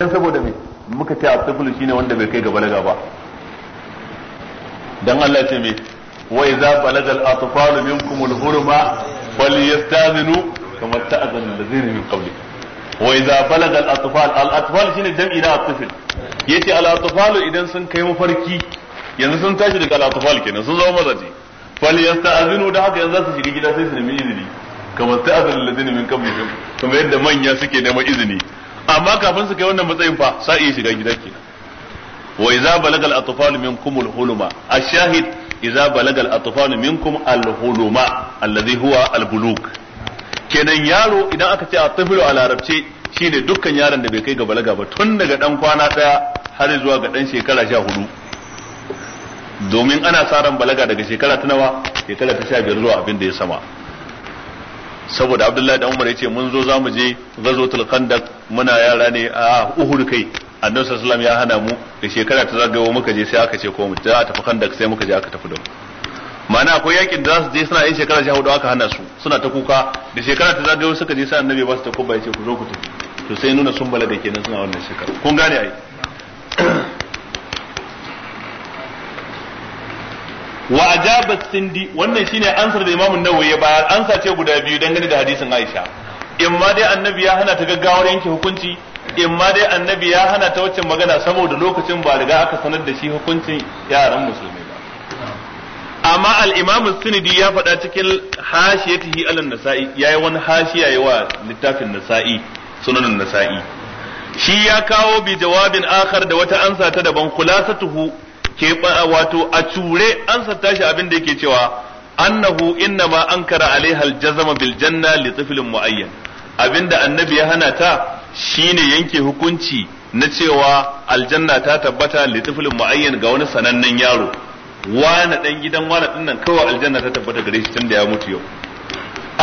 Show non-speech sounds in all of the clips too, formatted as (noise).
dan saboda me muka ce at shine wanda bai kai ga balaga ba dan Allah ce me wa idza balagal atfal minkum al-hulma falyastazinu kama ta'azana allazina min qabli wa idza balagal atfal al-atfal shine jam'i na atfal yace al-atfal idan sun kai mafarki yanzu sun tashi daga al-atfal kenan sun zama mazaje falyastazinu da haka yanzu za su shiga gida sai su nemi izini kama ta'azana allazina min qabli kuma yadda manya suke neman izini amma kafin su kai wannan matsayin fa sa iya shiga gida kenan wa idza balagal atfal minkum al huluma ashahid idza balaga atfal minkum al huluma alladhi huwa al kenan yaro idan aka ce atfilu a larabce shine dukkan yaron da bai kai ga balaga ba tun daga dan kwana daya har zuwa ga dan shekara 14 domin ana sa ran balaga daga shekara ta nawa shekara ta 15 zuwa abin da ya sama saboda abdullahi da umar ya ce mun zo za mu je ghazwatul khandaq muna yara ne a uhud kai annabi sallallahu ya hana mu da shekara ta zagayo muka je sai aka ce ko mu za a tafi kandak sai muka je aka tafi da mu ma'ana akwai yakin da za su je suna yin shekara sha hudu aka hana su suna ta kuka da shekara ta zagayo suka je sai annabi ba su ta kubba ce ku zo ku tafi to sai nuna sun bala da kenan suna wannan shekara kun gane ai wa ajaba sindi wannan shine ansar da imamu nawawi ya bayar ansa ce guda biyu dangane da hadisin aisha in ma dai annabi ya hana ta gaggawar yanke hukunci in ma dai annabi ya hana ta wacce magana saboda lokacin ba riga aka sanar da shi hukuncin yaran musulmi ba amma al-imam sunidi ya faɗa cikin hashiyatihi alan nasa'i yayi wani hashiya yayi wa littafin nasa'i sunanan nasa'i shi ya kawo bi jawabin akhar da wata ansa ta daban khulasatuhu ke wato a cure an satta shi abin da yake cewa annahu innama ankara alaiha aljazama bil janna li tiflin muayyan abinda annabi ya hana ta shine yanke hukunci na cewa aljanna ta tabbata li tiflin muayyan ga wani sanannen yaro wani dan gidan wani din nan kawai aljanna ta tabbata gare shi tunda ya mutu yau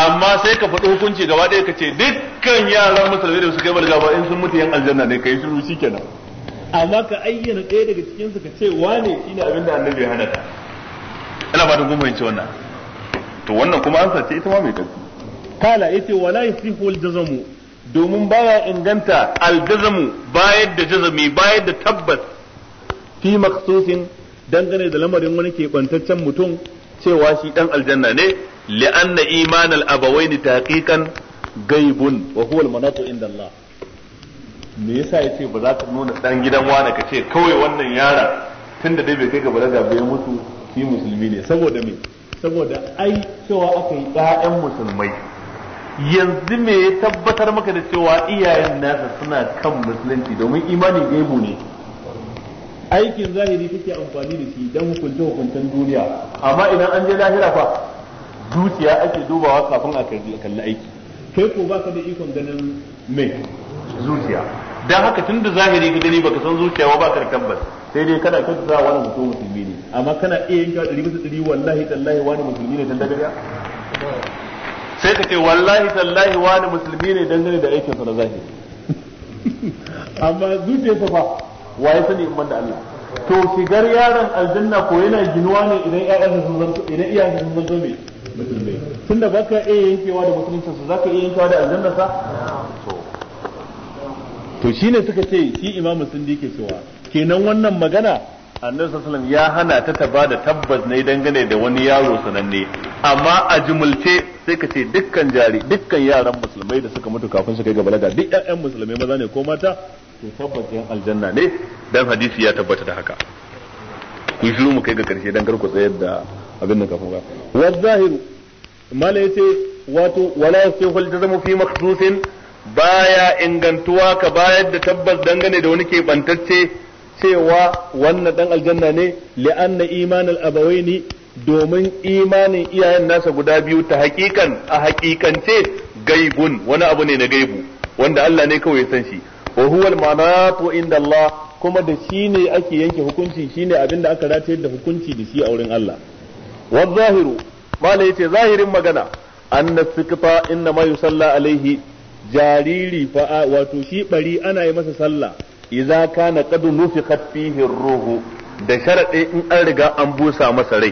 amma sai ka faɗi hukunci gaba ɗaya ka ce dukkan yaran musulmi da suka yi balga ba in sun mutu yan aljanna ne kai shiru shikenan amma ka ayyana ɗaya daga cikin su ka ce wane shi abin da annabi ya hana ta ina ba da gumma yace wannan to wannan kuma an sace ita ma mai karfi kala ce wala yasihu aljazamu domin baya inganta aljazamu bayar da jazami bayar da tabbas fi maksusin dangane da lamarin wani keɓantaccen mutum cewa shi dan aljanna ne li'anna imanal abawaini taqiqan gaibun wa huwa al-manatu inda Allah me yasa yace ba za ka nuna dan gidan wani ka ce kawai wannan yara tunda dai bai kai ga balaga bai mutu shi musulmi ne saboda me saboda ai cewa aka yi ƴaƴan musulmai yanzu me ya tabbatar maka da cewa iyayen nasa suna kan musulunci domin imani gaibu ne aikin zahiri kake amfani da shi dan hukunce hukuncen duniya amma idan an je lahira fa zuciya ake dubawa kafin a kalli aiki kai ko baka da ikon ganin me zuciya dan haka tun da zahiri ka gani baka san zuciya ba ka da tabbas sai dai kana kanta za wani mutum musulmi ne amma kana iya yin ɗari bisa ɗari wallahi tallahi wani musulmi ne dan dagariya sai ka ce wallahi tallahi wani musulmi ne dangane da sa na zahiri amma zuciya fa waye sani in banda Allah to shigar yaron aljanna ko yana ginuwa ne idan ƴaƴansa sun zanto idan iyayensa sun zanto ne musulmi tunda baka iya yankewa da musulunci su zaka iya yankewa da aljanna sa to to shi ne suka ce shi imamu sindi ke cewa kenan wannan magana annabi sallallahu ya hana ta taba da tabbas ne dangane da wani yaro sananne amma a jumulce sai ka ce dukkan jari dukkan yaran musulmai da suka mutu kafin su kai ga balaga duk ƴaƴan musulmai maza ne ko mata to tabbas yan aljanna ne dan hadisi ya tabbata da haka ku shiru mu kai ga karshe dan garku tsayar da abin da kafin ba wa zahiru mala yace wato wala yasihul jazmu fi makhsusin baya ingantuwa ka bayar da tabbas dangane da wani ke bantacce cewa wannan dan aljanna ne li'anna imanal abawaini domin imanin iyayen nasa guda biyu ta hakikan a hakikance gaibun wani abu ne na gaibu wanda Allah ne kawai san shi wa huwal manatu inda Allah kuma da shi ne ake yanke hukunci shine abin da aka rataye da hukunci da shi a wurin Allah wa zahiru mala yace zahirin magana anna sikta inna ma yusalla alaihi jariri fa wato shi bari ana yi masa sallah idza kana qad nufikha fihi ruhu da sharadi in an riga an busa masa rai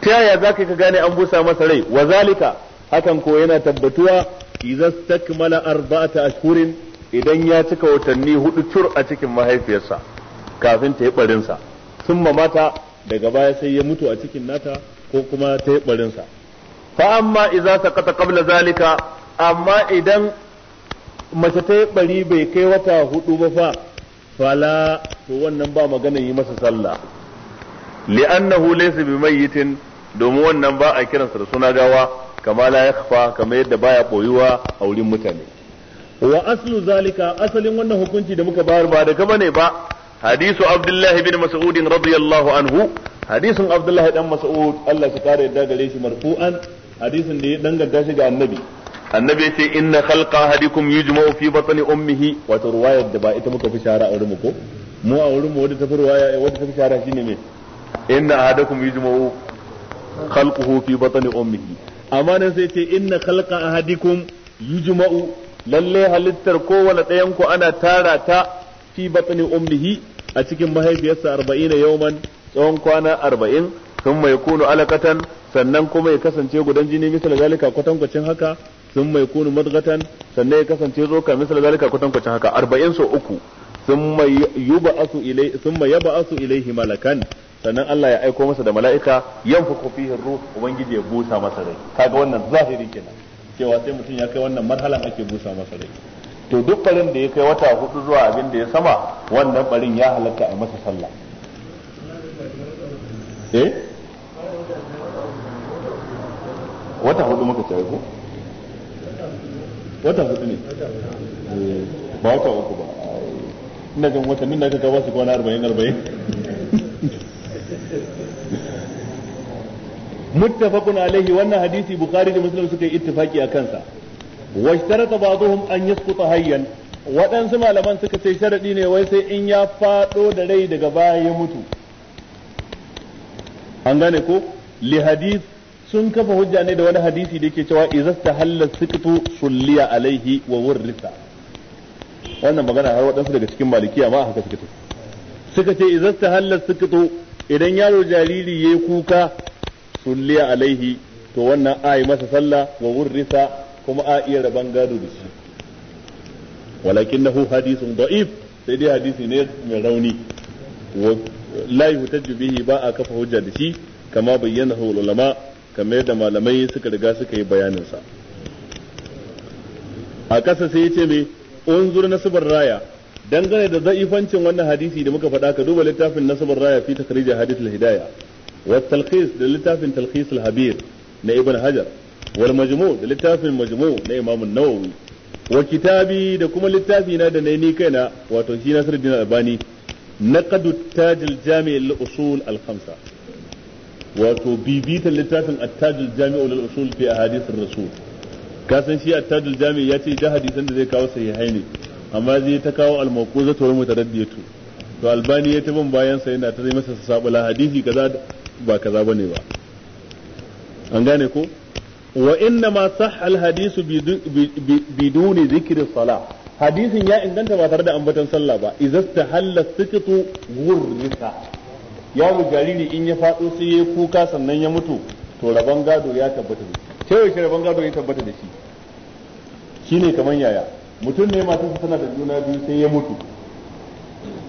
ta yaya zaka ka gane an busa masa rai wa zalika hakan ko yana tabbatuwa idza stakmala arba'ata ashhurin idan ya cika watanni hudu tur a cikin mahaifiyarsa kafin ta yi barinsa sun mata, daga baya sai ya mutu a cikin nata ko kuma ta yi barinsa fa amma idza saqata qabla zalika amma idan mace ta yi bari bai kai wata hudu ba fa fala to wannan ba magana yi masa sallah li'annahu laysa bimayyitin domin wannan ba a kiransa da suna gawa kama la yakhfa kama yadda baya boyuwa a wurin mutane wa aslu zalika asalin wannan hukunci da muka bayar ba daga bane ba hadisu abdullahi bin mas'ud radiyallahu anhu hadisin abdullahi dan mas'ud Allah ya kare yadda gare shi marfu'an hadisin da ya danganta shi ga annabi annabi yace inna khalqa hadikum yujma'u fi batni ummihi wato ruwayar da ba ita muka fi shara a wurin ko mu a wurin mu wanda ta fi ruwaya wanda ta fi shara shine me inna ahadakum yujma'u khalquhu fi batni ummihi amma nan sai ce inna khalqa ahadikum yujma'u lalle halittar kowane ɗayan ku ana tara ta fi batni ummihi a cikin mahaifiyarsa 40 yawman tsawon kwana 40 sun mai kunu alakatan sannan kuma ya kasance gudan jini misal zalika kwatankwacin haka sun mai kunu madgatan sannan ya kasance zo ka misal zalika kutan kwace haka arba'in so uku sun mai asu ilai sun mai asu ilaihi malakan sannan Allah ya aiko masa da mala'ika yanfuku fihi ruh ubangiji ya busa masa rai kaga wannan zahiri kenan cewa sai mutum ya kai wannan marhalan ake busa masa rai to duk barin da ya kai wata hudu zuwa abin da ya sama wannan barin ya halatta a masa sallah eh wata hudu muka ce ko wata hudu ne ba wata uku ba ina jin watannin da aka kawo su kwana arba'in arba'in muttafaqun alaihi wannan hadisi bukhari da muslim suka yi ittifaki a kansa washtarata ba'dhum an yasquta hayyan waɗansu malaman suka ce sharadi ne wai sai in ya faɗo da rai daga baya ya mutu an gane ko li hadith sun kafa hujja ne da wani hadisi da yake cewa idza tahalla sikitu sulliya alaihi wa wurrisa wannan magana har wadansu daga cikin malikiya ma haka suka ce suka ce idza tahalla sikitu idan yaro jariri yayi kuka sulliya alaihi to wannan a masa sallah wa wurrisa kuma a iya raban gado da shi walakinahu hadisun da'if sai dai hadisi ne mai rauni la yuhtaju bihi ba a kafa hujja da shi kama bayyana ulama kamar yadda malamai suka riga suka yi bayanin sa a kasa sai yace me unzur nasbar raya dangane da za'ifancin wannan hadisi da muka faɗa ka duba littafin nasbar raya fi takhrij hadith al hidaya wa talqis da littafin talqis al-habir na ibn hajar wal majmu da littafin majmu na imam an-nawawi wa kitabi da kuma littafi na da nayi kaina wato shi Nasiruddin Albani naqadu tajil jami' usul al-khamsa wato bibita littafin attajul jami'u lil usul fi ahadithir rasul ka san shi attajul jami'u ya ce da hadisan da zai kawo sahihai ne amma zai ta kawo al-mawquzatu wal mutaraddiyatu to albani ya ta bayan sa yana ta zai masa sabula hadisi kaza ba kaza bane ba an gane ko wa inna ma sah al hadisu biduni zikri salah hadisin ya inganta ba tare da ambaton sallah ba idza tahalla sikitu ghurrisa yaro jariri in ya faɗo sai ya kuka sannan ya mutu to rabon gado ya tabbata da shi ta yaushe rabon gado ya tabbata da shi shine kamar yaya mutum ne su tana da juna biyu sai ya mutu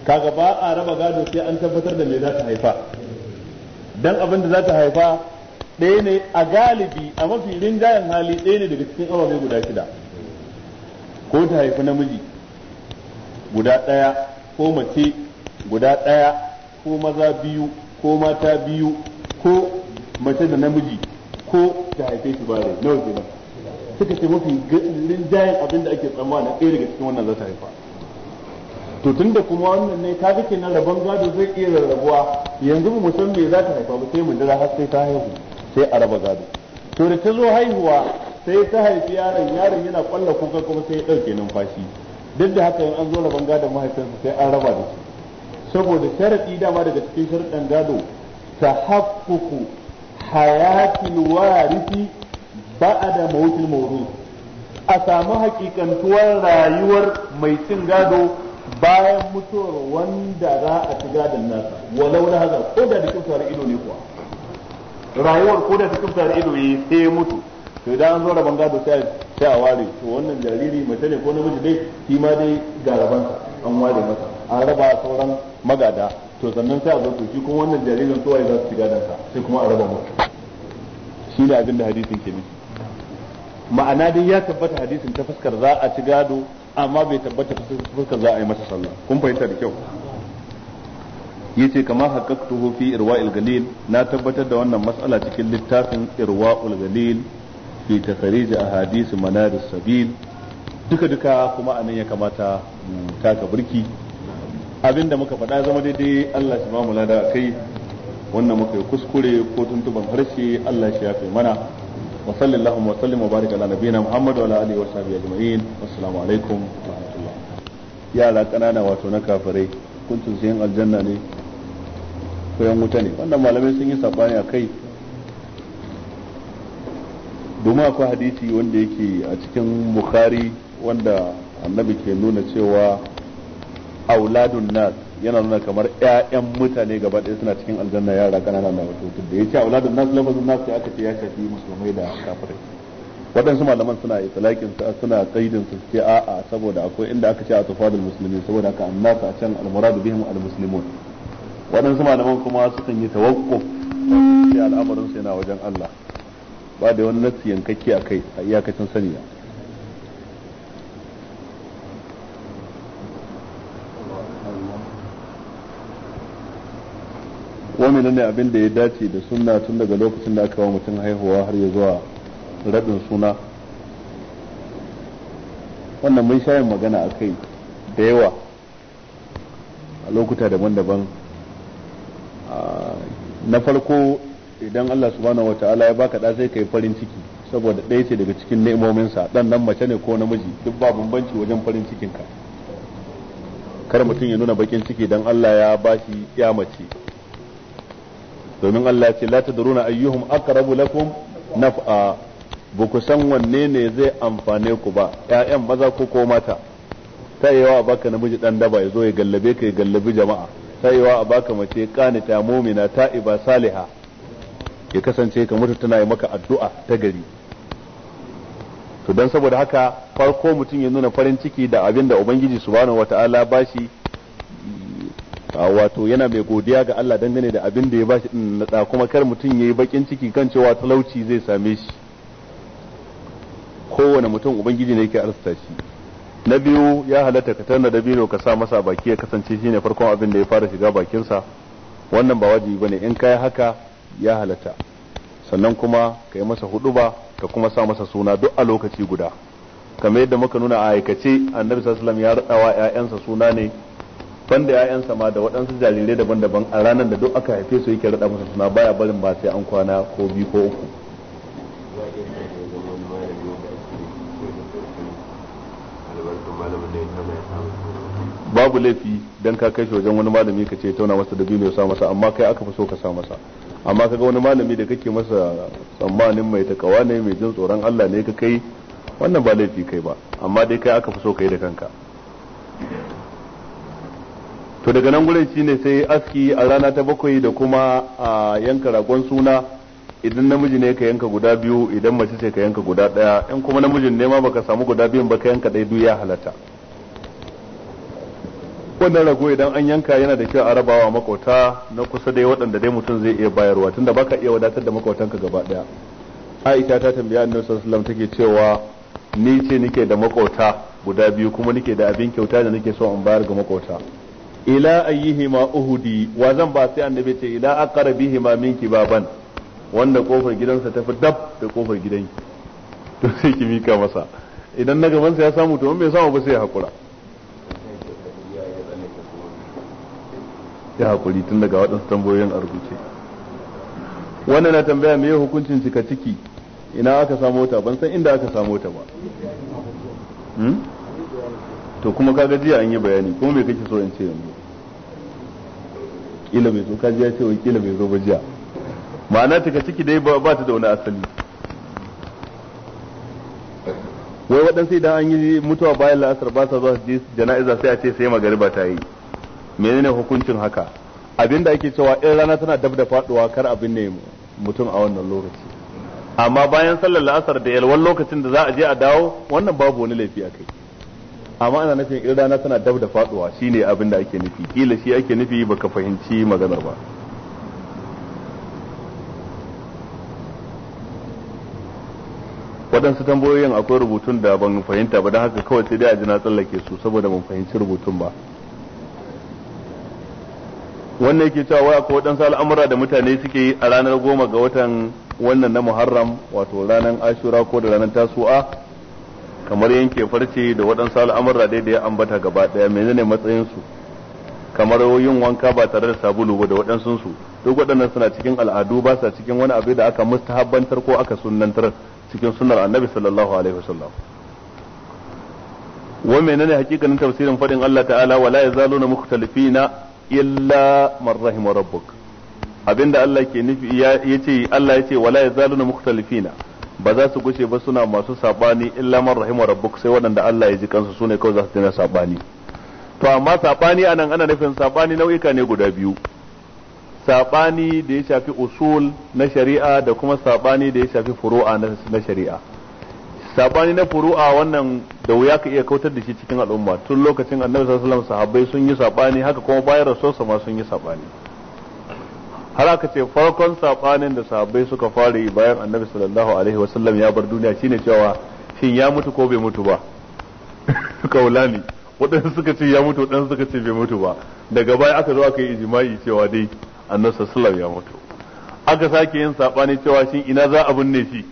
kaga ba a raba gado sai an tabbatar da me za ta haifa dan abin da za ta haifa ɗaya ne a galibi a mafi rinjayen hali ɗaya ne daga cikin ababe guda shida ko ta haifi namiji guda ɗaya ko mace guda ɗaya ko maza biyu ko mata biyu ko mace da namiji ko ta haife shi bare nawa kenan suka ce mafi rinjayen abin da ake na ɗaya daga cikin wannan za ta haifa to tun da kuma wannan ne ta kake na rabon gado zai iya rarrabuwa yanzu mu san me za ta haifa ba sai mu jira har sai ta haihu sai a raba gado to da ta zo haihuwa sai ta haifi yaron yaron yana kwalla kuka kuma sai ya ɗauke numfashi duk da haka in an zo rabon gadon mahaifinsa sai an raba da shi saboda sharadi dama daga cikin sharaɗin gado ta tahaqququ hayatil warisi ba'da mautil mawruth a samu hakikantuwar rayuwar mai cin gado bayan mutuwar wanda za a ci gadon nasa walau na haza ko da cikin tare ido ne kuwa rayuwar ko da cikin tare ido ne sai mutu to idan an zo rabon gado sai a ware to wannan jariri mace ne ko namiji dai shi ma dai ga rabansa an ware masa an raba sauran magada to sannan sai a zo shi kuma wannan jaririn tsohon za su fi sai kuma a raba mutu shi ne abin da hadisin ke nufi ma'ana dai ya tabbata hadisin ta fuskar za a ci gado amma bai tabbata fuskar za a yi masa sallah kun fahimta da kyau yace kama haqqaqtuhu fi irwa'il galil na tabbatar da wannan mas'ala cikin littafin irwa'ul galil fi tafarij ahadith manar sabil duka duka kuma anan ya kamata mu taka burki abin da muka faɗa zama daidai Allah shi ba mu lada kai wannan muka yi kuskure ko tuntuban harshe Allah shi ya fi mana wa sallallahu wa sallim wa barika ala nabiyina Muhammad wa ala alihi wa sahbihi ajma'in assalamu alaikum wa rahmatullah yara kanana wato na kafirai kuntun sayan aljanna ne ko yan wuta ne wannan malamai sun yi sabani akai domin akwai hadisi wanda yake a cikin bukhari wanda annabi ke nuna cewa auladun nas yana nuna kamar ƴaƴan mutane gaba ɗaya suna cikin aljanna yara ƙanana na wato da ce auladun nas lafazin nas sai aka ce ya shafi musulmai da kafirai waɗansu malaman suna itlaqin suna kaidin su ce a'a saboda akwai inda aka ce a tufadul muslimin saboda haka annas a can almuradu bihim almuslimun waɗansu malaman kuma sukan yi tawakkuf sai al'amarin su yana wajen Allah ba da wani nasi yankakke a kai a iyakacin saniya ko ne abin da ya dace da sunna tun daga lokacin da aka wa mutum haihuwa har ya zuwa rabin suna wannan mun shayin magana a kai da yawa a lokuta daban-daban na farko idan Allah subhanahu wata'ala ya baka da sai ka yi farin ciki saboda ɗaya ce daga cikin ni'imominsa dan nan mace ne ko namiji duk ba bambanci wajen farin cikinka kar mutum ya nuna bakin ciki dan Allah ya bashi ya mace domin Allah ce la tadruna ayyuhum aqrabu lakum naf'a ba ku san wanne ne zai amfane ku ba ƴaƴan maza ko ko mata ta yawa baka namiji dan daba ya zo ya gallabe ka ya gallabi jama'a ta yawa a baka mace ta mu'mina ta'iba saliha ya kasance ka mutu tana yi maka addu'a ta gari to dan saboda haka farko mutum ya nuna farin ciki da abin da ubangiji subhanahu wata'ala bashi wato yana mai godiya ga Allah dangane da abin da ya bashi din na da kuma kar mutum yayi bakin ciki kan cewa talauci zai same shi kowane mutum ubangiji ne yake arsta shi na biyu ya halatta ka tarna da biro ka sa masa baki ya kasance shi ne farkon abin da ya fara shiga bakinsa wannan ba wajibi bane in kai haka ya halatta sannan kuma ka yi masa huduba ka kuma sa masa suna duk a lokaci guda kamar yadda muka nuna a aikace annabi sallallahu alaihi wasallam ya wa ƴaƴansa suna ne banda ƴaƴansa ma da waɗansu jarirai daban-daban a ranar da duk aka haife su yake raɗa musu suna baya barin ba sai an kwana ko biyu ko uku babu laifi dan ka kai shi wajen wani malami ka ce tauna masa da biyu ya sa masa amma kai aka fi so ka sa masa amma kaga wani malami da kake masa tsammanin mai takawa ne mai jin tsoron Allah ne ka kai wannan ba laifi kai ba amma dai kai aka fi so kai da kanka to daga nan gurin shine sai aski a rana ta bakwai da kuma a yanka ragon suna idan namiji ne ka yanka guda biyu idan mace ce ka yanka guda daya in kuma namijin ne ma baka samu guda biyun ba ka yanka ɗaya duk ya halatta wannan rago idan an yanka yana da kyau a rabawa makota na kusa dai waɗanda dai mutum zai iya bayarwa tunda baka iya wadatar da makotanka gaba daya Aisha ta tambaya Annabi sallallahu alaihi wasallam take cewa ni ce nike da makota guda biyu kuma nike da abin kyauta da nike so in bayar ga makota ila ayyihima uhudi wa zan ba sai annabi ce ila aqara bihima minki baban wanda kofar gidansa tafi dab da kofar gidanki (laughs) to sai ki mika masa idan na gabansa ya samu to bai samu ba sai ya hakura ya hakuri tun daga waɗansu tambayoyin a rubuce wannan na tambaya me hukuncin cika ciki ina aka samu ta ban san inda aka samu ta ba hmm? to kuma kaga jiya an yi bayani kuma me kake so in ce yanzu kila mai zo kaji ya ce wai kila zo ba ma'ana ta ciki dai ba ta da wani asali wai waɗansu idan an yi mutuwa bayan la'asar ba sa zuwa su jana'iza sai a ce sai ba ta yi menene hukuncin haka abinda ake cewa in rana tana dab da faɗuwa kar abin ne mutum a wannan lokaci amma bayan sallar la'asar da yalwan lokacin da za a je a dawo wannan babu wani laifi a kai amma ana nufin in rana tana dab da faduwa shine abin da ake nufi kila shi ake nufi baka fahimci maganar ba waɗansu tambayoyin akwai rubutun da ban fahimta ba don haka kawai sai dai a ji na tsallake su saboda ban fahimci rubutun ba wannan yake cewa wai akwai waɗansu al'amura da mutane suke yi a ranar goma ga watan wannan na muharram wato ranar ashura ko da ranar tasu'a kamar yanke farce da waɗansu al'amurra dai da ya ambata gaba ɗaya menene matsayinsu kamar yin wanka ba tare da sabulu ba da waɗansu su duk waɗannan suna cikin al'adu ba sa cikin wani abu da aka mustahabbantar ko aka sunnantar cikin sunnar annabi sallallahu alaihi wasallam wa menene hakikanin tafsirin fadin Allah ta'ala wala yazaluna mukhtalifina illa man rahima rabbuk abinda Allah ke nufi ya ce Allah ya ce wala yazaluna mukhtalifina ba za su gushe ba suna masu sabani illa man rahimu rabbuk sai waɗanda Allah ya ji kansu sune kawai za su dena sabani to amma sabani anan ana nufin sabani nau'ika ne guda biyu sabani da ya shafi usul na shari'a da kuma sabani da ya shafi furu'a na shari'a sabani na furu'a wannan da wuya ka iya kautar da shi cikin al'umma tun lokacin annabi sallallahu alaihi wasallam sahabbai sun yi sabani haka kuma bayan rasulsa ma sun yi sabani har aka ce farkon sabanin da sahabbai suka fara yi bayan annabi sallallahu alaihi wasallam ya bar duniya shine cewa shin ya mutu ko bai mutu ba (laughs) kaulani waɗansu suka ce ya mutu waɗansu suka ce bai mutu ba daga baya aka zo aka yi ijma'i cewa dai annabi sallallahu ya mutu aka sake yin sabani cewa shin ina za a binne shi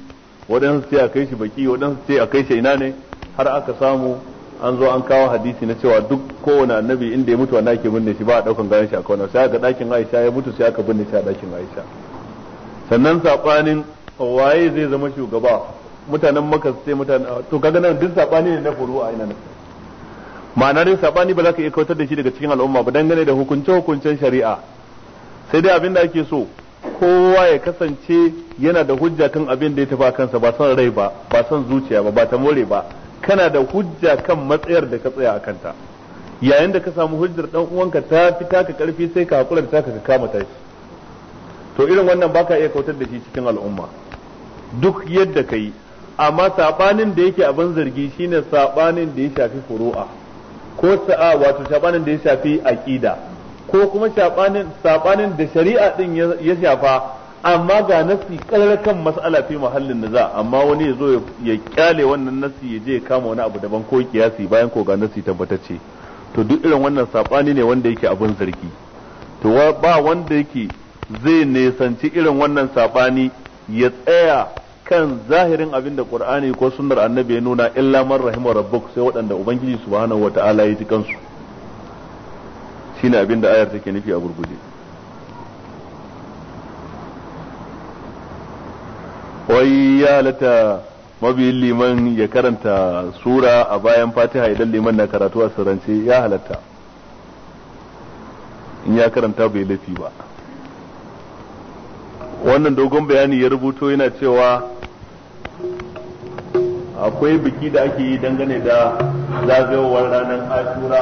waɗansu ce a kai shi baki waɗansu ce a kai shi ina ne har aka samu an zo an kawo hadisi na cewa duk kowane annabi inda ya mutu wanda ake binne shi ba a daukan gayan shi a kauna sai ga dakin Aisha ya mutu sai aka binne shi a dakin Aisha sannan sabanin waye zai zama shugaba mutanen Makka su ce mutanen to kaga nan duk sabani ne na furu'a ina nan ma'ana sabani ba za ka iya kautar da shi daga cikin al'umma ba dangane da hukunce-hukuncen shari'a sai dai abin da ake so kowa ya kasance yana da hujja kan abin da ya tafi kansa ba son rai ba ba son zuciya ba ba ta more ba kana da hujja kan matsayar da ka tsaya a kanta yayin da ka samu hujjar dan uwanka ta fi taka karfi sai ka hakura da taka ka kama ta shi to irin wannan baka iya kautar da shi cikin al'umma duk yadda ka yi amma sabanin da yake abin zargi shine sabanin da ya shafi furu'a ko sa'a wato sabanin da ya shafi aqida ko kuma sabanin sabanin da shari'a din ya shafa amma ga nasi kalar kan mas'ala fi na za amma wani ya zo ya kyale wannan nasi ya je ya kama wani abu daban ko kiyasi bayan ko ga nasi tabbatacce to duk irin wannan sabani ne wanda yake abin zargi to ba wanda yake zai nesanci irin wannan sabani ya tsaya kan zahirin abin da qur'ani ko sunnar annabi ya nuna illa man rahima rabbuk sai waɗanda ubangiji subhanahu wataala ya ji kansu shine abin da ayar take nufi a gurguje wai ya halatta mabiyin liman ya karanta sura a bayan fatiha idan liman na karatu a sirrance ya halatta in ya karanta bai lafi ba wannan dogon bayani ya rubuto yana cewa akwai biki da ake yi dangane da zagayowar ranar ashura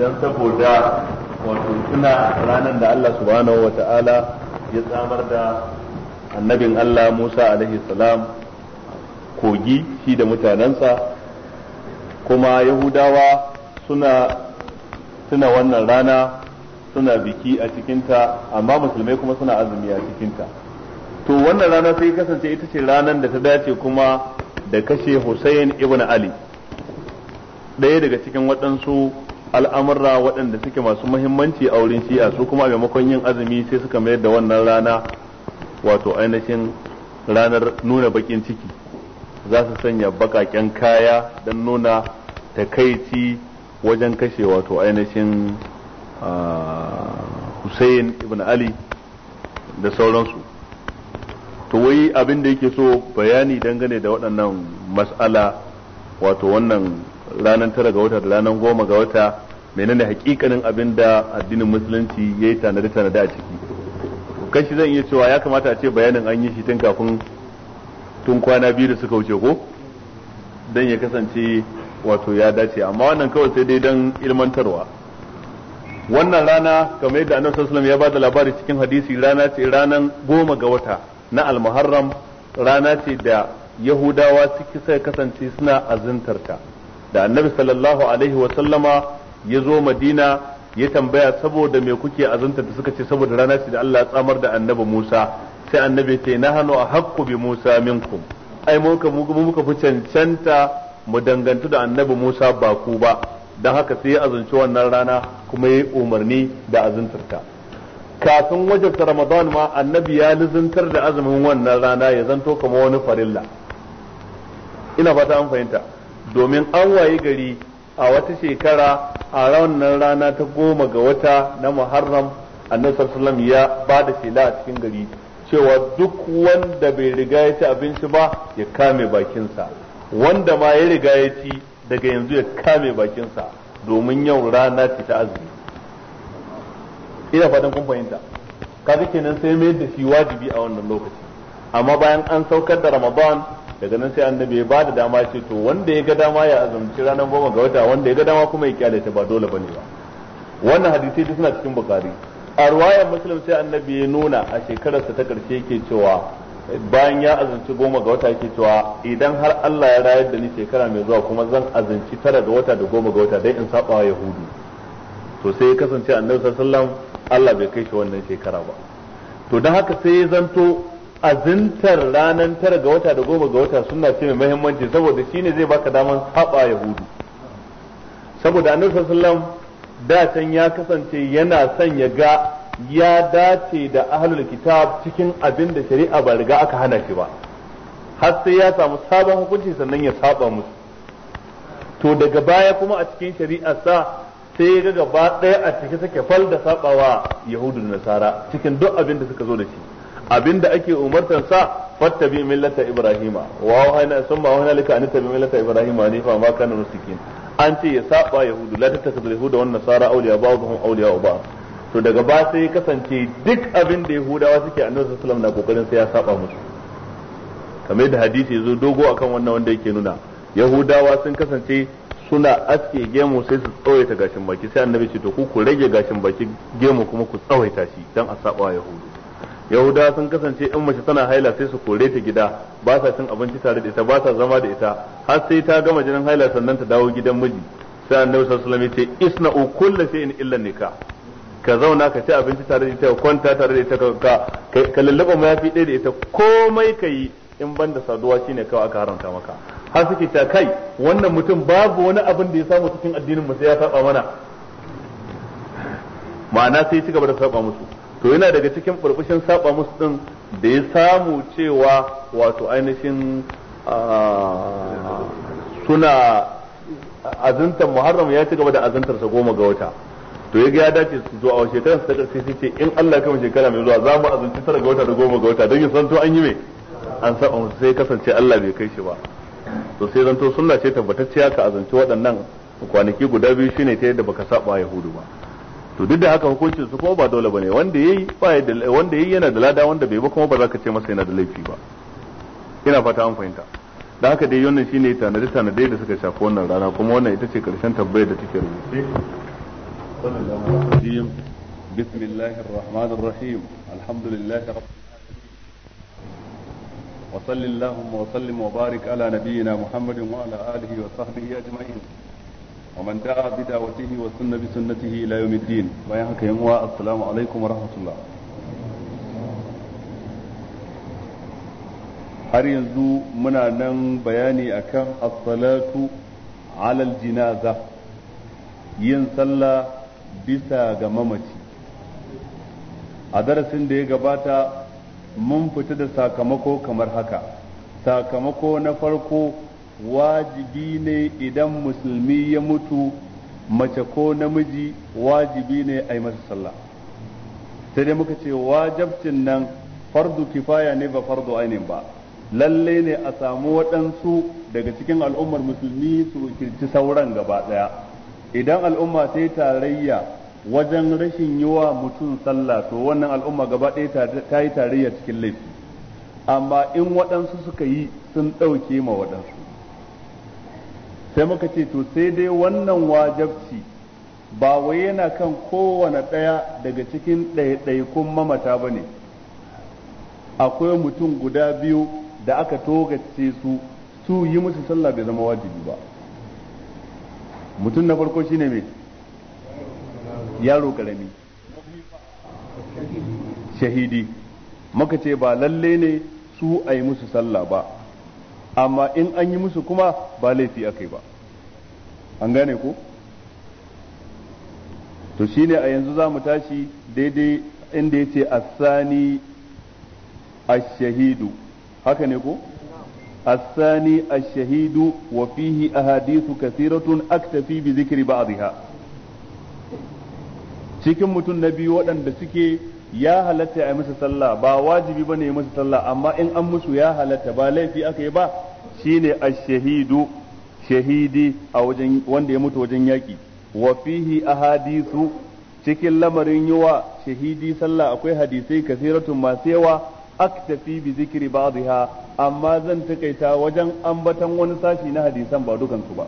don saboda wato suna ranar da allah subhanahu wa ta'ala ya samar da annabin Allah Musa alaihi salam kogi shi da mutanensa kuma yahudawa suna suna wannan rana suna biki a cikinta amma musulmai kuma suna azumi a cikinta to wannan rana sai kasance ita ce ranar da ta dace kuma da kashe Hussein ibn Ali ɗaya daga cikin waɗansu al'amurra waɗanda suke masu muhimmanci a wurin shi'a su kuma maimakon yin azumi sai suka mayar da wannan rana wato ainihin ranar nuna bakin ciki za su sanya bakaken kaya don nuna takaici wajen kashe wato ainihin ah, Hussein ibn Ali da sauransu to wai abin da yake so bayani dangane da waɗannan mas'ala wato wannan ranar tara ga wata da ranar goma ga wata menene hakikanin abin da addinin musulunci ya yi tanade-tanade a ciki shi zan iya cewa ya kamata a ce bayanin an yi shi tun kafin tun kwana biyu da suka wuce ko dan ya kasance wato ya dace amma wannan kawai sai dai dan ilmantarwa wannan rana kamar yadda annabi sallallahu alaihi ya bada labari cikin hadisi rana ce ranan goma ga wata na almuharram rana ce da yahudawa suke sai kasance suna azuntarta da annabi sallallahu alaihi wa sallama ya zo madina ya tambaya saboda me kuke azanta da suka ce saboda rana ce da Allah ya tsamar da annabi Musa sai annabi ce nahnu haqqu bi Musa minkum ai mu muka fi cancanta mu dangantu da annabi Musa ba ku ba don haka sai ya azunci wannan rana kuma ya umarni da azuntarta kafin wajen Ramadan ma annabi ya lizantar da azumin wannan rana ya zanto kamar wani farilla ina fata an fahimta domin an wayi gari a wata shekara a raunin rana ta goma ga wata na muharram annabi sallallahu ya ba da shela a cikin gari cewa duk wanda bai riga ya ci abinci ba ya kame bakinsa wanda ma ya riga ya ci daga yanzu ya kame bakinsa domin yau rana ce ta azumi ina fatan kun fahimta kaga kenan sai mai da shi wajibi a wannan lokaci amma bayan an saukar da ramadan daga nan sai annabi ya bada dama ce to wanda ya ga dama ya azumci ranar goma ga wata wanda ya ga dama kuma ya kyale ta ba dole bane ba wannan hadisi duk suna cikin bukari a ruwayar muslim sai annabi ya nuna a shekararsa ta karshe yake cewa bayan ya azumci goma ga wata yake cewa idan har Allah ya rayar da ni shekara mai zuwa kuma zan azumci tara ga wata da goma ga wata dai in saba wa yahudu to sai ya kasance annabi sallallahu alaihi wasallam Allah bai kai shi wannan shekara ba to dan haka sai ya zanto azintar ranar tara ga wata da goma ga wata suna ce mai mahimmanci saboda ne zai baka daman haɓa yahudu saboda annabi sallallahu da can ya kasance yana son ya ga ya dace da ahlul kitab cikin abinda shari'a ba riga aka hana shi ba har sai ya samu sabon hukunci sannan ya saba musu to daga baya kuma a cikin shari'a sa sai ga gaba ɗaya a cikin sake fal da sabawa yahudun nasara cikin duk abin da suka zo da shi abinda ake umartar sa fattabi millata ibrahima wa hana summa wa lika an tabi millata ibrahima ne fa ma kana musikin an ce ya saba yahudu la tattakhidhu yahuda wan nasara awliya ba'dhum awliya ba to daga ba sai kasance duk abin da yahudawa suke annabi sallallahu alaihi wasallam na kokarin sai ya saba musu kamar da hadisi zo dogo akan wannan wanda yake nuna yahudawa sun kasance suna aske gemu sai su tsawaita gashin baki sai annabi ce to ku ku rage gashin baki gemu kuma ku tsawaita shi dan a saba yahudu yahuda sun kasance in mace tana haila sai su kore ta gida ba sa cin abinci tare da ita ba sa zama da ita har sai ta gama jinin haila sannan ta dawo gidan miji sai annabi sallallahu alaihi wasallam ya ce isna'u kullu shay'in illa nika ka zauna ka ci abinci tare da ita ka kwanta tare da ita ka ka lallaba mayafi ɗaya da ita komai ka yi in banda saduwa shine kawai aka haramta maka har suke ta kai wannan mutum babu wani abin da ya samu cikin addinin mu sai ya saba mana ma'ana sai ci gaba da saba musu to yana daga cikin burbushin saba musu din da ya samu cewa wato ainihin ah, suna azantar muharram ya ci gaba da azantar sa goma ga wata to ya ga ya dace su zo a shekarar ta karshe sai ce in Allah kama shekara mai zuwa za mu azanci tara ga wata da goma ga wata don yin santo an yi mai an saba musu sai kasance Allah bai kai shi ba to sai zanto sunna ce tabbatacciya ka azanci waɗannan kwanaki guda biyu shine ta yadda baka saba yahudu ba to duk da haka hukuncin su kuma ba dole bane wanda yayi ba da wanda yayi yana da lada wanda bai ba kuma ba za ka ce masa yana da laifi ba ina fata an fahimta da haka dai wannan shine tanade tanade da suka shafi wannan rana kuma wannan ita ce karshen tabbayar da take rubuce بسم الله الرحمن الرحيم الحمد لله رب وصل اللهم وسلم وبارك على نبينا محمد وعلى اله وصحبه اجمعين ومن دعا بدعوته وسن بسنته الى يوم الدين bayan haka yan uwa assalamu alaikum har yanzu muna nan bayani akan as-salatu ala jinaza yin sallah bisa ga mamaci a darasin da ya gabata mun fita da sakamako kamar haka sakamako na farko wajibi ne idan musulmi ya mutu mace ko namiji wajibi ne a yi masa sallah sai dai muka ce wajabcin nan fardu kifaya ne ba fardu ainihin ba lalle ne a samu waɗansu daga cikin al'ummar musulmi su kirci sauran gaba ɗaya idan al'umma ta yi tarayya wajen rashin yi wa mutum sallah to wannan al'umma gaba ɗaya ta yi tarayya cikin laifi amma in waɗansu suka yi sun ɗauke ma waɗansu sai muka ce to sai dai wannan wajabci ba wai yana kan kowane ɗaya daga cikin ɗaiɗaikun mamata ba ne akwai mutum guda biyu da aka togace su su yi musu sallah bai zama wajibi ba mutum na farko shine mai yaro karami shahidi maka ce ba lalle ne su a yi musu sallah ba amma in an yi musu kuma ba laifi yi ba an gane ku? to shi ne a yanzu za mu tashi daidai inda ya ce a ashahidu haka ne ko asani ashahidu wa fihi ahadithu kathiratun aktafi bi zikri ba'dha cikin mutum na biyu waɗanda suke ya halatta a masa sallah ba wajibi ne ya masa sallah amma in an musu ya halatta ba laifi aka yi ba Shi ne a shahidu shahidi a wajen wanda ya mutu wajen yaki wa fihi ahadithu cikin lamarin yi wa shahidi sallah akwai hadisai kasiratun masu yawa tafi bi zikiri zikri ha amma zan takaita wajen ambatan wani sashi na hadisan ba dukansu ba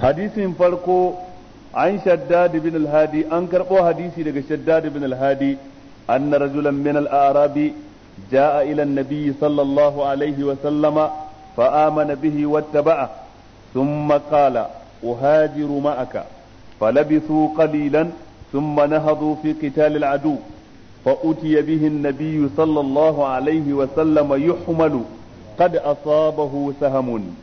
hadisin farko an shaddad bin al-hadi an karɓo hadisi daga shaddadi bin al-hadi na rajulan min al'arabi arabi جاء إلى النبي صلى الله عليه وسلم فآمن به واتبعه ثم قال أهاجر معك فلبثوا قليلا ثم نهضوا في قتال العدو فأتي به النبي صلى الله عليه وسلم يحمل قد أصابه سهم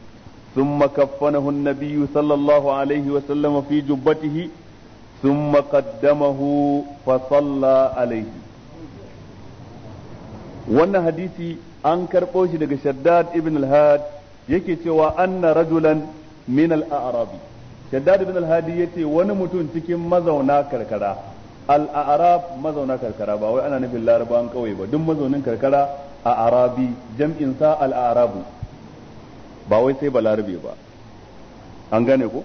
ثم كفنه النبي صلى الله عليه وسلم في جبته ثم قدمه فصلى عليه wannan hadisi an karɓo shi daga shaddad ibn al-had yake cewa anna rajulan min al-a'rabi shaddad ibn al-hadi yace wani mutum cikin mazauna karkara al-a'rab mazauna karkara ba wai ana nufin larabawan kauye ba duk mazaunin karkara a arabi jam'in sa al-a'rabu ba wai sai balarabe ba an gane ko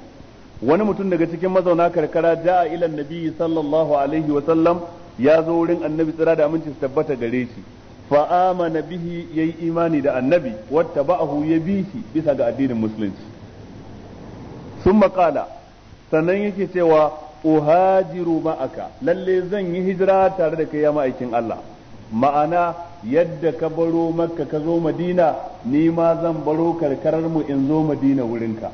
wani mutum daga cikin mazauna karkara ja'a ila nabi sallallahu alaihi wa sallam ya zo wurin annabi tsira da aminci su tabbata gare shi fa amana bihi yayi imani da annabi ba'ahu ya bi shi bisa ga addinin musulunci Sun qala sannan yake cewa uhajiru ma'aka lalle zan yi hijira tare da kai ya ma'aikin Allah ma'ana yadda ka baro makka ka zo madina ni ma zan baro karkarar mu in zo madina ka.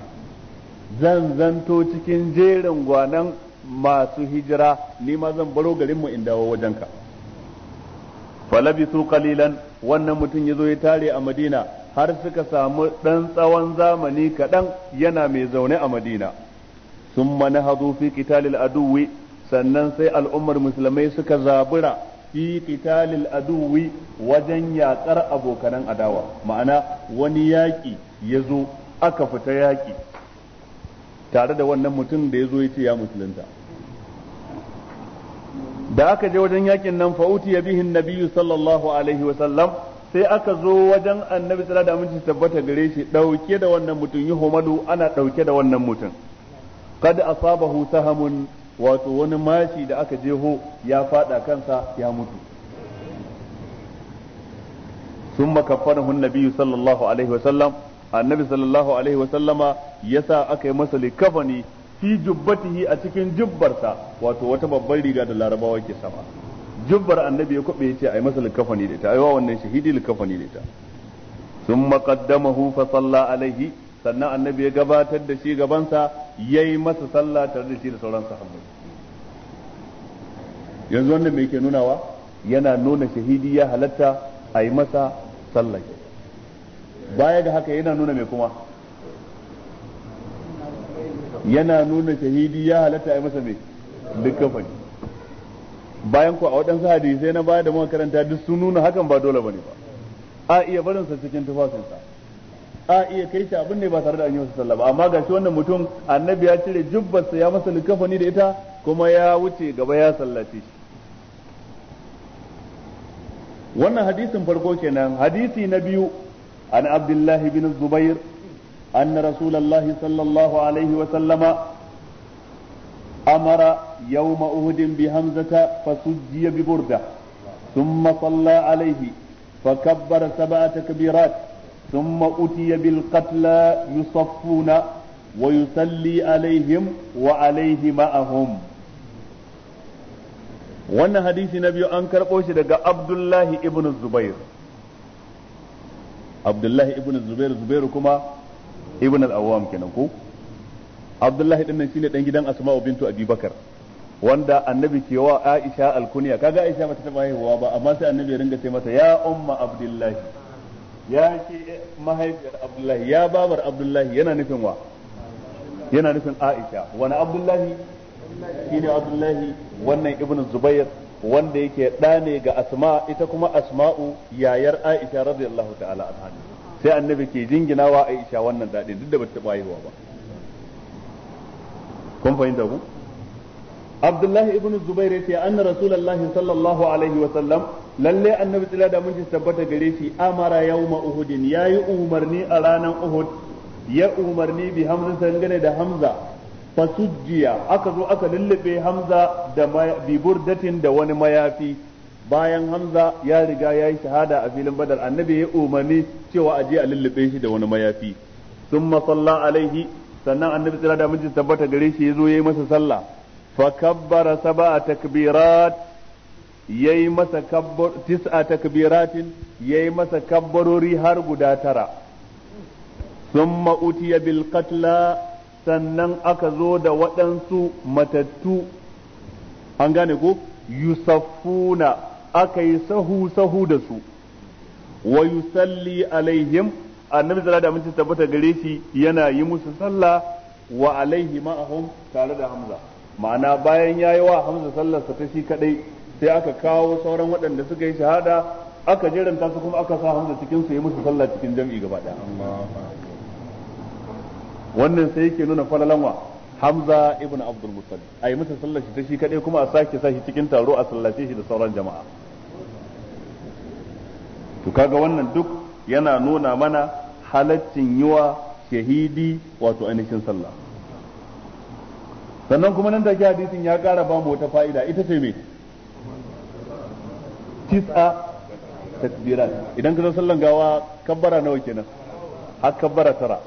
zan zanto cikin jerin gwanan masu hijira ni ma zan baro garin mu in dawo wajenka falabisu kalilan wannan mutum yazo ya tare a Madina har suka samu ɗan tsawon zamani kaɗan yana mai zaune a Madina mana hazo fi kitalil aduwi sannan sai al'ummar musulmai suka zabura fi kitalil aduwi wajen yaƙar abokanan adawa ma'ana wani yaƙi ya zo aka fita yaƙi tare da wannan mutum da ya zo ya ce ya musulunta da aka je wajen yakin nan fa'uti ya bihin nabiyyu sallallahu alaihi wa sallam sai aka zo wajen annabi sallallahu alaihi wasallam tabbata gare shi dauke da wannan mutum yi homadu ana dauke da wannan mutum kad asabahu sahamun wato wani mashi da aka jeho ya fada kansa ya mutu summa kaffarahu an-nabiyyu sallallahu alaihi wa sallam annabi sallallahu alaihi wa sallama yasa aka yi masa likafani fi jubbatihi a cikin jubbarsa wato wata babbar riga da larabawa ke sama jubbar annabi ya kwabe yace ai masa likafani da ita ai wa wannan shahidi likafani da ta. thumma qaddamahu fa salla alaihi sannan annabi ya gabatar da shi gabansa yayi masa sallah tare da shi da sauran sahabbai yanzu wannan me yake nunawa yana nuna shahidi ya halatta ai masa sallah baya ga haka yana nuna me kuma yana nuna shahidi ya halatta a masa mai duk kafani bayan ku a waɗansu hadisai na baya da muka karanta duk sun nuna hakan ba dole bane ba a iya barin sa cikin tufafinsa a iya kai shi abin ne ba tare da an yi masa sallah ba amma shi wannan mutum annabi ya cire jubbarsa ya masa likafani da ita kuma ya wuce gaba ya sallace shi wannan hadisin farko kenan hadisi na biyu an abdullahi bin zubair أن رسول الله صلى الله عليه وسلم أمر يوم أهد بهمزة فسجي ببردة ثم صلى عليه فكبر سبع تكبيرات ثم أتي بالقتلى يصفون ويصلي عليهم وعليه معهم wannan hadisi na biyu an karɓo shi daga abdullahi ibn zubair abdullahi ibn zubair zubairu kuma ibn al-awwam kenan ko abdullahi din nan shine dan gidan asma'u bintu abi wanda annabi ke wa aisha al-Kunya, kaga aisha bata taba haihuwa ba amma sai annabi ya ringa ce mata ya umma abdullahi ya ce mahaifiyar abdullahi ya babar abdullahi yana nufin wa yana nufin aisha wani abdullahi shine abdullahi wannan ibn zubair wanda yake ɗane ga asma ita kuma asma'u yayar aisha radiyallahu ta'ala anha sai annabi ke jingina wa Aisha wannan dadin duk da bata taɓa haihuwa ba kun fahimta ku Abdullahi ibn Zubair yace anna Rasulullahi sallallahu alaihi wa sallam lalle annabi tsila da mun tabbata gare shi amara yawma Uhud yayi umarni a ranar Uhud ya umarni bi Hamza sangane da Hamza fasujjiya aka zo aka lullube Hamza da bi burdatin da wani mayafi bayan Hamza ya riga ya yi shahada a filin Badar annabi ya umarni cewa aje a lullube shi da wani mayafi sun masalla alaihi sannan annabi tsira da mijin tabbata gare shi ya zo ya yi masa sallah fa kabbara sab'a takbirat yayi masa kabbar tis'a takbiratin yi masa kabbarori har guda tara Sun utiya bil sannan aka zo da waɗansu matattu an gane ko yusaffuna aka yi sahu sahu da su wa salli alaihim annabi sallallahu alaihi wasallam tabbata gare shi yana yi musu sallah wa alaihi ma'ahum tare da hamza ma'ana bayan yayi wa hamza sallar sa ta shi kadai sai aka kawo sauran waɗanda suka yi shahada aka jiranta su kuma aka sa hamza cikin su yi musu sallah cikin jam'i gaba daya wannan sai yake nuna falalanwa hamza ibn abdul muttalib a yi musu sallar shi ta shi kadai kuma a sake sa shi cikin taro a sallace shi da sauran jama'a to kaga wannan duk yana nuna mana halaccin yiwa shahidi wato ainihin sallah sannan kuma nan ke hadisin ya kara ba mu wata fa'ida ita ce me tis'a takbirat idan ka zo sallan gawa kabbara nawa kenan har kabbara tara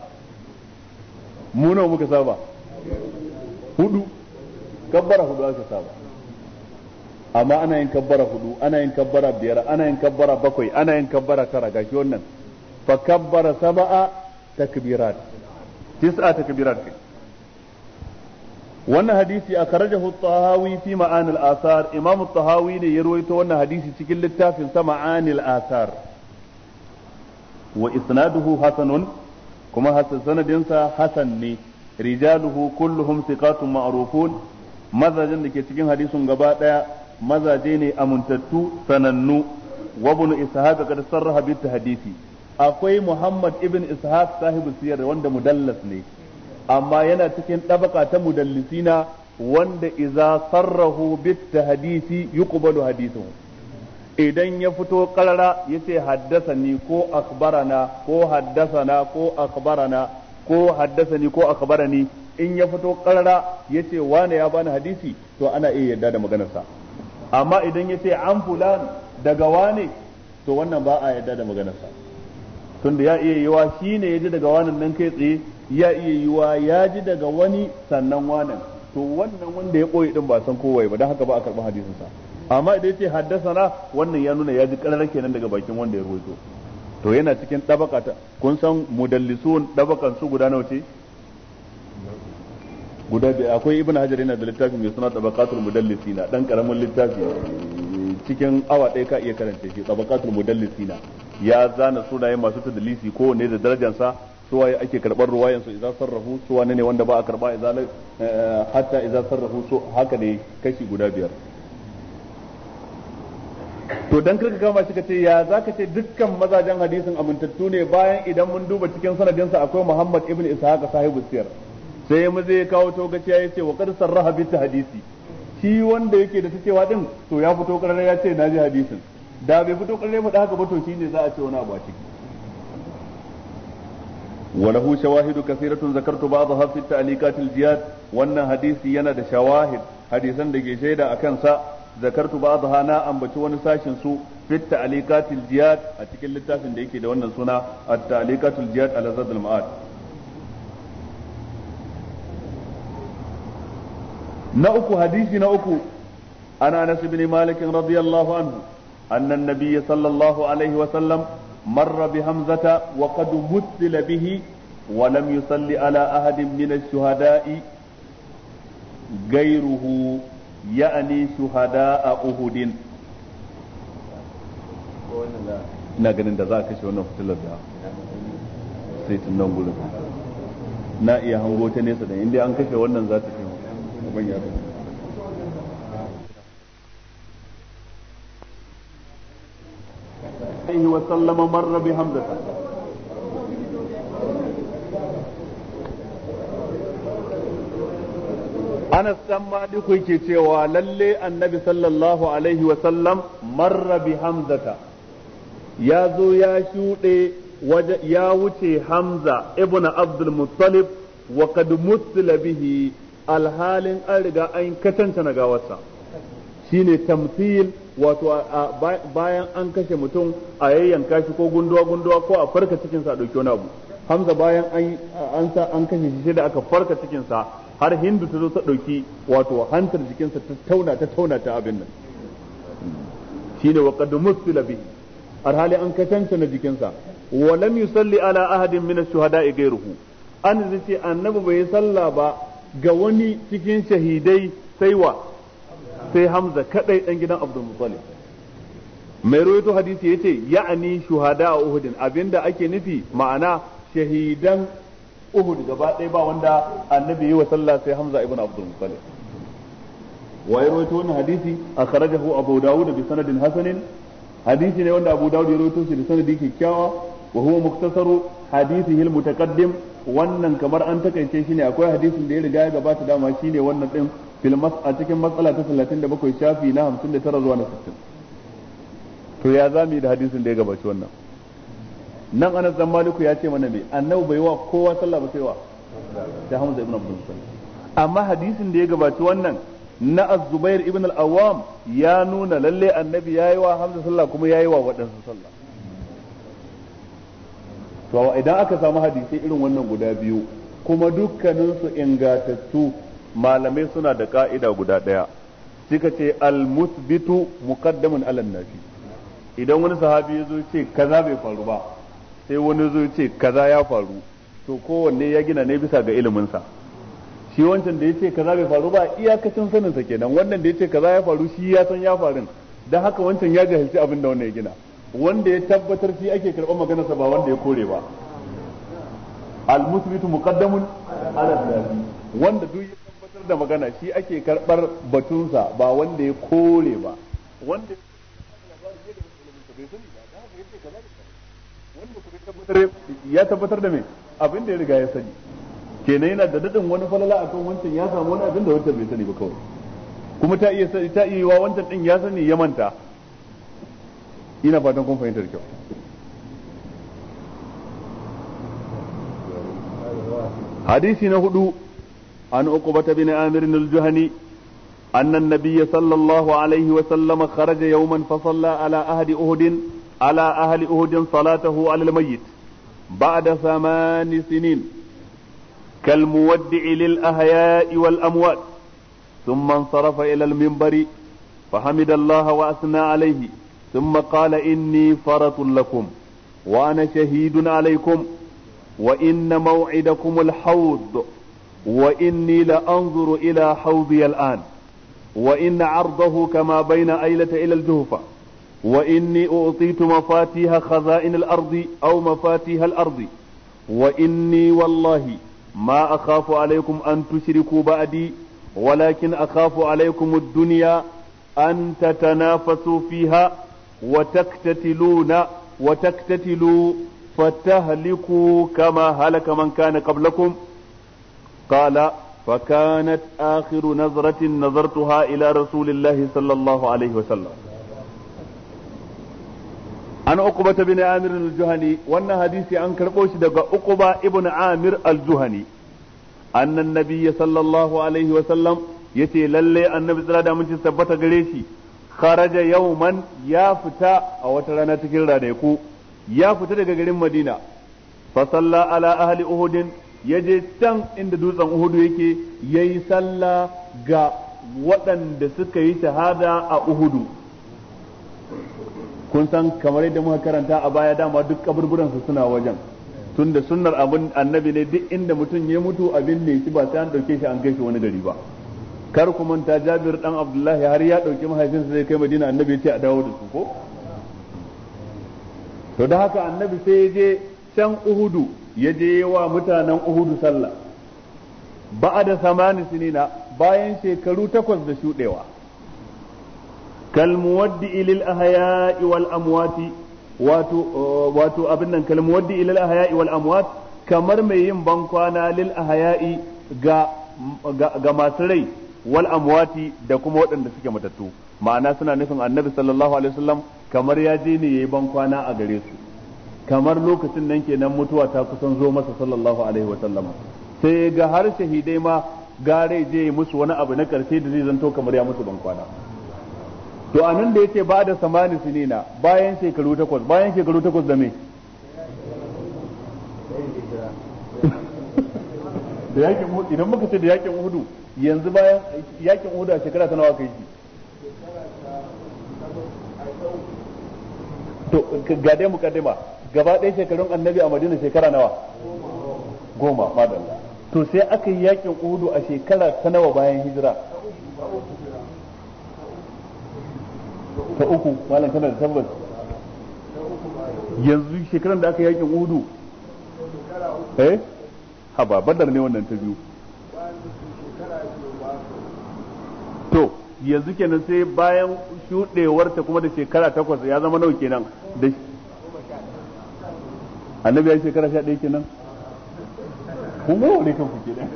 mu nawa muka saba hudu kabbara hudu aka saba amma ana yin kabbara hudu ana yin kabbara biyar ana yin kabbara bakwai ana yin kabbara tara gashi wannan fa kabbara sab'a takbirat tis'a takbirat kai wannan hadisi akhrajahu at-tahawi fi ma'an al-athar imam tahawi ne ya rawaito wannan hadisi cikin littafin sa ma'an al-athar wa isnaduhu hasanun kuma hasan sanadinsa hasan ne rijaluhu kulluhum thiqatun ma'rufun mazajin da ke cikin hadisin gaba daya mazaje ne amintattu sanannu wa ibn ishaq kada sarraha bi hadisi akwai muhammad ibn ishaq sahibu siyar wanda mudallas ne amma yana cikin dabaka ta mudallisina wanda idza sarrahu bi hadisi yuqbalu hadithuhu idan ya fito karara yace haddasani ko akhbarana ko haddasana ko akhbarana ko haddasani ko akhbarani in ya fito karara yace wane ya bani hadisi to ana iya yarda da maganarsa amma idan ya ce an fulan daga wane to wannan ba a yarda da maganarsa tunda ya iya yiwa shi ne ya ji daga wanan nan kai tsaye ya iya yiwa ya ji daga wani sannan wanan to wannan wanda ya koyi din ba san kowai ba don haka ba a karɓi hadisinsa amma idan ya ce haddasana wannan ya nuna ya ji ƙarar kenan daga bakin wanda ya ruwaito to yana cikin ɗabaka ta kun san mudallisun ɗabakan su guda nawa ce guda biyu akwai ibn hajar yana da littafi mai suna tabaqatul mudallisina dan karamin littafi cikin awa ɗaya ka iya karanta shi tabaqatul mudallisina ya zana sunaye masu tadalisi ko ne da sa su waye ake karbar ruwayan su idan sarrafu su wane ne wanda ba a karba idan eh, hatta idan sarrafu su haka ne kashi guda biyar to dan kirka kama shi kace ya zaka ce dukkan mazajen hadisin amintattu ne bayan idan mun duba cikin sanadinsa akwai Muhammad ibn Ishaq sahibu sirr sai ya maza ya kawo togaciya ya ce wa kar sarraha bi hadisi shi wanda yake da ta cewa din to ya fito karara ya ce na ji hadisin da bai fito karara da haka ba to shine za a ce wani abu a ciki وله شواهد كثيرة ذكرت بعضها في التعليقات الجياد وأن حديثي ينا دا شواهد حديثا دا جيشيدا أكنسا ذكرت بعضها نا أم بتوان ساشن سو في التعليقات الجياد أتكل للتاسن دا يكي دا التعليقات الجياد على زاد المعاد na uku hadisi na uku ana Anas ibn radiyallahu anhu anna an sallallahu alaihi wa sallam marra Hamzata wa qad mutsila bihi wa lam yusalli ala ahadin min Uhudin ina ganin da za a kashe wannan fitilar da sai tun nan gurin na iya hango ta nesa da inda an kashe wannan za ta Anas dan Maliku yake cewa lalle annabi sallallahu alaihi wasallam marra Hamzata ya zo ya shuɗe ya wuce Hamza ibn Abdul Muttalib wa qad bihi alhalin an riga an katanta na gawarsa shine tamfil wato bayan an kashe mutum a yayyanka shi ko gunduwa gunduwa ko a farka cikinsa a ɗauki wani abu hamza bayan an sa an kashe shi da aka farka cikinsa har hindu ta zo ta dauki wato hantar jikinsa ta tauna ta tauna ta abin nan ne wa qad musila bi alhali an katanta na jikinsa wa lam yusalli ala ahadin min ash-shuhada'i ghayruhu an zace annabi bai salla ba ga wani cikin shahidai sai wa sai hamza kadai dan gidan abdul muttalib mai rawaito hadisi yace ya'ani shuhada a uhudin abinda ake nufi ma'ana shahidan uhud gaba ɗaya ba wanda annabi yi wa sallah sai hamza ibn abdul muttalib wa rawaito wannan hadisi akhrajahu abu dawud bi sanadin hasanin hadisi ne wanda abu dawud ya rawaito shi da sanadi kyakkyawa wa huwa muktasaru hadisihi al-mutaqaddim wannan kamar an takaice ne akwai hadisin da ya riga ya gabata dama ne wannan ɗin a cikin matsala ta 37 shafi na 59 zuwa na 60 to ya za mu yi da hadisin da ya gabaci wannan nan ana zan Maliku ya ce mana me annabi bai wa kowa sallah ba sai wa da Hamza ibn Abdul amma hadisin da ya gabaci wannan na Az-Zubair ibn al-Awwam ya nuna lalle annabi yayi wa Hamza sallah kuma yayi wa wadansu sallah to idan aka samu hadisai irin wannan guda biyu kuma dukkanin su ingatattu malamai suna da ka'ida guda daya suka ce al-musbitu muqaddamun ala nafi idan wani sahabi ya zo ce kaza bai faru ba sai wani zo ce kaza ya faru to kowanne ya gina ne bisa ga ilimin sa shi wancan da ya ce kaza bai faru ba iyakacin sanin sa kenan wannan da ya ce kaza ya faru shi ya san ya faru dan haka wancan ya jahilci abin da wannan ya gina wanda ya tabbatar shi ake karɓar maganarsa ba wanda ya kore ba al-musbitu muqaddamun ala nafi wanda duk ya tabbatar da magana shi ake karɓar batunsa ba wanda ya kore ba wanda ya ya tabbatar da me abin da ya riga ya sani kenan yana da dadin wani falala akan wancan ya samu wani abin da wancan bai sani ba kawai kuma ta iya ta iya wa wancan din ya sani ya manta ina fatan kun fahimta da kyau hadisi na hudu an uqbata bin amir al-juhani أن النبي صلى الله عليه وسلم خرج يوما فصلى على أهل أهد على أهل أهد صلاته على الميت بعد ثمان سنين كالمودع للأحياء والأموات ثم انصرف إلى المنبر فحمد الله وأثنى عليه ثم قال إني فرط لكم وأنا شهيد عليكم وإن موعدكم الحوض وإني لأنظر إلى حوضي الآن وإن عرضه كما بين أيلة إلى الجهفة وإني أعطيت مفاتيح خزائن الأرض أو مفاتيح الأرض وإني والله ما أخاف عليكم أن تشركوا بعدي ولكن أخاف عليكم الدنيا أن تتنافسوا فيها wa taktatiluna wa taktatilu fatahliku kama halaka man kana qablakum qala فكانت آخر نظرة نظرتها إلى رسول الله صلى الله عليه وسلم عن عقبة بن عامر الجهني وأن حديثي عن كرقوش دقى عقبة ابن عامر الجهني أن النبي صلى الله عليه وسلم yace lalle annabi tsira da mun tabbata gare shi kharaja yawman ya fita a wata rana cikin ranaku ya fita daga garin Madina fa salla ala ahli Uhud yaje je can inda dutsen uhudu yake yayi salla ga waɗanda suka yi shahada a uhudu kun san kamar yadda muka karanta a baya dama duk kaburburan su suna wajen tunda sunnar abin annabi ne duk inda mutum ya mutu abin ne shi ba sai an dauke shi an gaishe wani gari ba kar ku manta Jabir dan Abdullahi har ya dauki mahaifinsa zai kai Madina annabi ya ce a dawo da su ko to da haka annabi sai ya je can Uhudu ya je wa mutanen Uhudu sallah ba'ada samani sinina bayan shekaru takwas da shudewa muwaddi lil ahya'i wal amwati wato eh, wato abin nan muwaddi lil ahya'i wal amwat kamar mai yin bankwana lil ahya'i ga ga masu rai wal amwati da kuma waɗanda suke matattu ma'ana suna nufin annabi sallallahu alaihi wasallam kamar ya je ne yayi ban kwana a gare su kamar lokacin nan kenan mutuwa ta kusan zo masa sallallahu alaihi wasallam sai ga har shahidai ma gare je musu wani abu na karshe da zai zanto kamar ya musu ban kwana to anan da yake ba da samani sinina bayan shekaru takwas bayan shekaru takwas da me (laughs) da yakin Uhud idan muka ce da yakin Uhud yanzu bayan yakin Uhud a shekara ta nawa kai shi to ga dai mukaddima gaba ɗaya shekarun annabi a Madina shekara nawa goma madan to sai aka yi yakin Uhud a shekara ta nawa bayan hijira ta uku malam kana da tabbas yanzu shekaran da aka yakin Uhud eh haba badar ne wannan ta biyu to yanzu kenan sai bayan shuɗewarta kuma da shekara takwas ya zama nau kenan da annabi ya shekara sha ɗaya kenan kun ga wani kanku kenan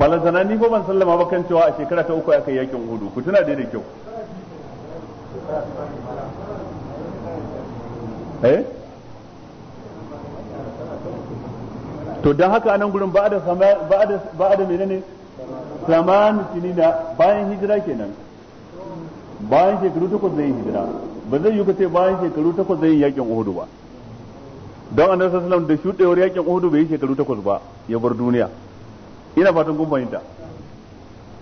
balantana ni ko ban sallama ba kan cewa a shekara ta uku aka yi yakin hudu ku tuna da kyau eh to don haka anan gurin ba da ba da menene samanu sinina bayan hijira kenan bayan shekaru takwas zai hijira ba zai yi kace bayan shekaru takwas zai yakin uhudu ba don annabi sallallahu alaihi da shudewar yakin uhudu bai yi shekaru takwas ba ya bar duniya ina fatan kun fahimta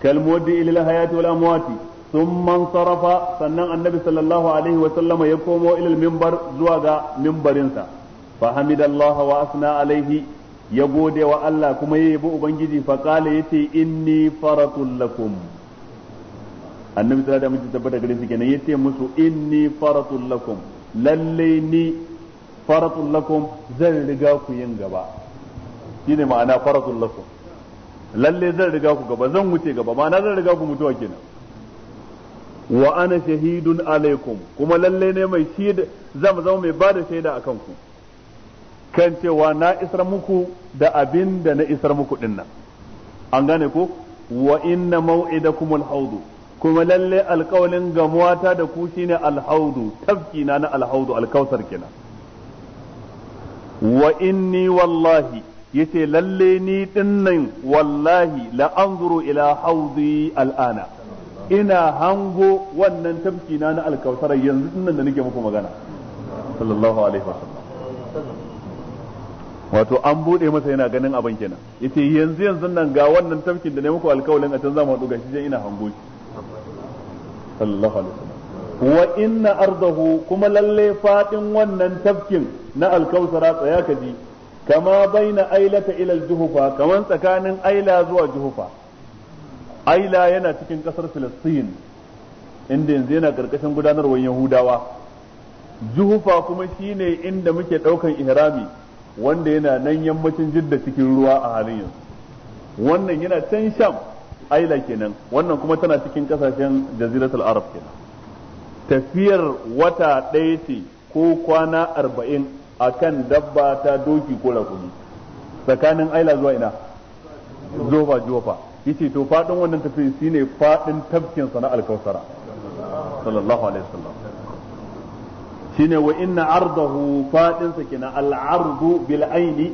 kalmudi ilal hayati wal amwati thumma sarafa sannan annabi sallallahu alaihi wa sallama ya komo ilal minbar zuwa ga minbarinsa fa hamidallahi wa asna alaihi ya gode wa Allah kuma ya yabi ubangiji fa qala yace inni faratul lakum annabi sallallahu alaihi wasallam tabbata gare su kenan yace musu inni faratul lakum lalle ni faratul lakum zan riga ku yin gaba shine ma'ana faratul lakum lalle zan riga ku gaba zan wuce gaba ma'ana zan riga ku mutuwa kenan wa ana shahidun alaikum kuma lalle ne mai shaida zan zama mai bada shaida akan ku kan cewa na isar muku da abin da na isar muku dinnan an gane ku wa inna maw'idakum al-hawd kuma lalle alƙawalin gamuwata da ku shine al-hawd tafki na na al-hawd al wa inni wallahi yace lalle ni dinnan wallahi la anzuru ila hawdi al'ana ina hango wannan tafki na na al-kausar yanzu nan da nake muku magana sallallahu alaihi wasallam wato an bude masa yana ganin abin kenan yace yanzu yanzu nan ga wannan tafkin da ne muku alkawalin a can za mu haɗu gashi jan ina hango shi sallallahu alaihi wasallam wa inna ardahu kuma lalle fadin wannan tafkin na alkausara tsaya ka ji kama baina ailata ila juhufa kaman tsakanin aila zuwa juhufa aila yana cikin kasar filistin inda yanzu yana karkashin gudanarwar yahudawa juhufa kuma shine inda muke daukan ihrami wanda yana nan yammacin jidda cikin ruwa a halin yanzu wannan yana can sham aila kenan wannan kuma tana cikin kasashen jaziratul arab kenan tafiyar wata ɗaya ce ko kwana arba'in akan dabba ta doki ko rakumi tsakanin aila zuwa ina jofa jofa yace to faɗin wannan tafiyar shine fadin tafkin sana alkausara sallallahu alaihi wasallam shine wa inna ardahu fadin sa kenan al ardu bil aini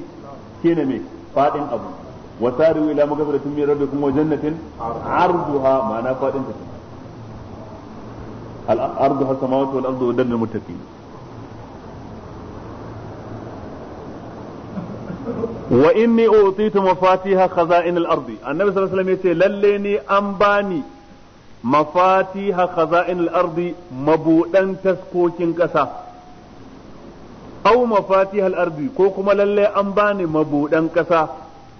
shine me fadin abu wa sariu ila magfiratin min rabbikum wa jannatin arduha ma'ana fadin sa al ardu has samawati wal ardu wadan muttaqin wa inni utitu mafatiha khaza'in al ardi annabi sallallahu alaihi wasallam yace lalle ni an bani mafatiha khaza'in al-ardi mabudan taskokin kasa aw mafatiha al-ardi ko kuma lalle an bani mabudan kasa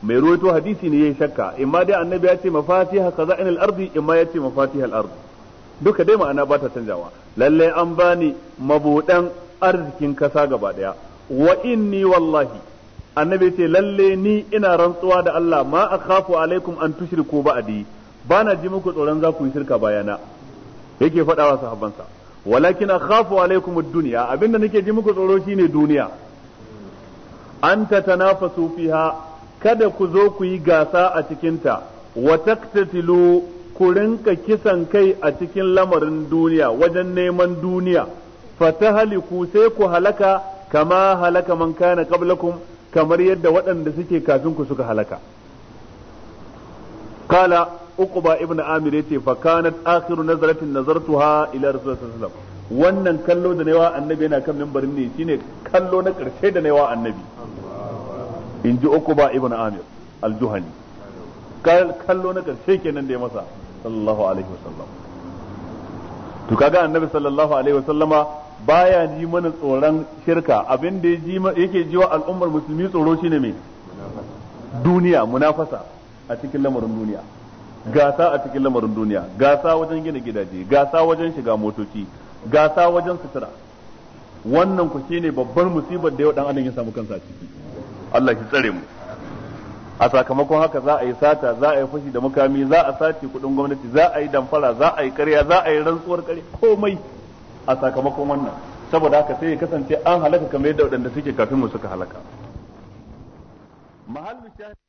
mai ruwaito hadisi ne yayi shakka imma dai annabi ya ce mafatiha khaza'in al-ardi imma ya ce mafatiha al-ardi duka dai ma'ana ba ta canjawa lalle an bani mabudan arzikin kasa gaba daya wa inni wallahi annabi ce lalle ni ina rantsuwa da Allah ma akhafu alaikum an tushriku ba'di ba na ji muku tsoron za ku yi shirka bayana yake faɗa wa sahabbansa walakin akhafu alaikum ad-dunya abinda nake ji muku tsoro shine duniya an tanafasu fiha kada ku zo ku yi gasa a cikinta wa taktatilu ku rinka kisan kai a cikin lamarin duniya wajen neman duniya fatahliku sai ku halaka kama halaka man kana qablakum kamar yadda waɗanda suke kafin ku suka halaka qala uqba ibn amir yace fa kanat akhiru nazartuha ila rasulullahi sallallahu alaihi wasallam wannan kallo da annabi yana kan mimbarin ne shine kallo na karshe da nawa annabi in ji uqba ibn amir al-juhani kallo na karshe kenan da ya masa sallallahu alaihi wasallam to kaga annabi sallallahu alaihi wasallama baya ji mana tsoron shirka abin da yake ji wa al'ummar musulmi tsoro shine me duniya munafasa a cikin lamarin duniya gasa a cikin lamarin duniya gasa wajen gina gidaje gasa wajen shiga motoci gasa wajen sutura wannan ku shine babbar musibar da yau dan adam ya samu kansa ciki Allah ya tsare mu a sakamakon haka za a yi sata za a yi fashi da mukami, za a sace kudin gwamnati za a yi damfara za a yi ƙarya, za a yi rantsuwar ƙarya. komai a sakamakon wannan saboda haka sai ya kasance an halaka kamar yadda waɗanda suke kafin mu suka halaka mahallu